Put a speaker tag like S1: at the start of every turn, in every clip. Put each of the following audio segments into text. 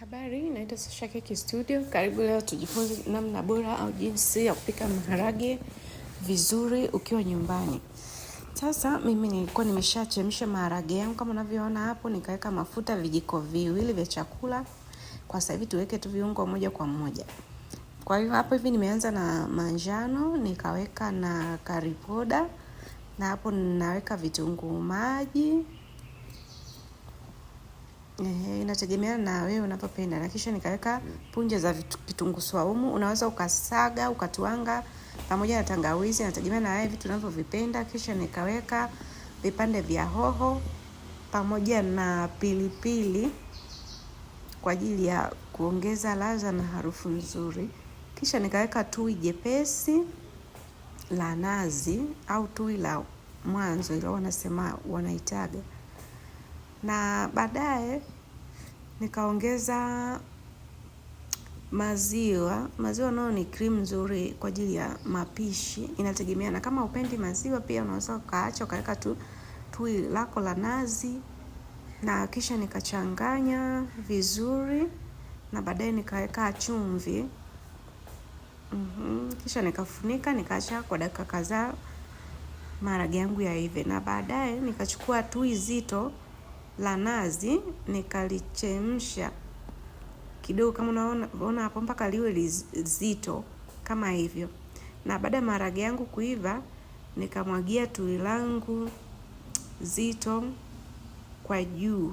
S1: Habari, naitwa Sasha Keki Studio. Karibu leo tujifunze namna bora au jinsi ya kupika maharage vizuri ukiwa nyumbani. Sasa mimi nilikuwa nimeshachemsha maharage yangu kama unavyoona hapo, nikaweka mafuta vijiko viwili vya chakula. Kwa sasa hivi tuweke tu viungo moja kwa moja. Kwa hiyo hapo hivi nimeanza na manjano, nikaweka na curry powder, na hapo ninaweka vitunguu maji Ehe, inategemeana na wewe unavyopenda. Na kisha nikaweka punje za kitunguu swaumu, unaweza ukasaga ukatuanga pamoja na tangawizi, inategemeana na wewe vitu unavyovipenda. Kisha nikaweka vipande vya hoho pamoja na pilipili kwa ajili ya kuongeza ladha na harufu nzuri. Kisha nikaweka tui jepesi la nazi au tui la mwanzo, ila wanasema wanaitaga na baadaye nikaongeza maziwa. Maziwa nayo ni cream nzuri kwa ajili ya mapishi, inategemea na Kama upendi maziwa, pia unaweza ukaacha ukaweka tu tui lako la nazi, na kisha nikachanganya vizuri, na baadaye nikaweka chumvi. Mm-hmm. Kisha nikafunika nikaacha kwa dakika kadhaa maharage yangu yaive, na baadaye nikachukua tui zito la nazi nikalichemsha kidogo, kama unaona hapo, mpaka liwe lizito kama hivyo. Na baada ya maharage yangu kuiva, nikamwagia tui langu zito kwa juu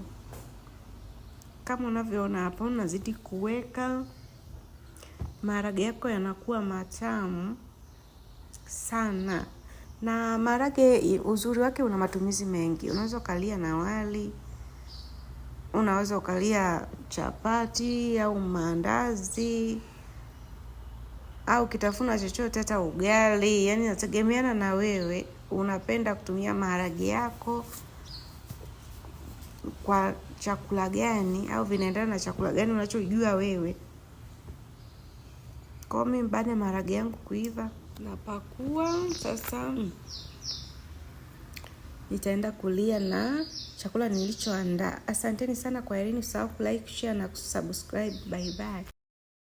S1: kama unavyoona hapo. Unazidi kuweka maharage yako, yanakuwa matamu sana. Na maharage uzuri wake una matumizi mengi, unaweza ukalia na wali unaweza ukalia chapati au maandazi au kitafuna chochote, hata ugali. Yani nategemeana na wewe unapenda kutumia maharage yako kwa chakula gani, au vinaendana na chakula gani unachojua wewe. Kwa mimi, baada ya maharage yangu kuiva, napakua sasa, nitaenda kulia na chakula nilichoandaa. Asanteni sana, kwa kwaherini. Usahau like share na kusubscribe. Bye bye.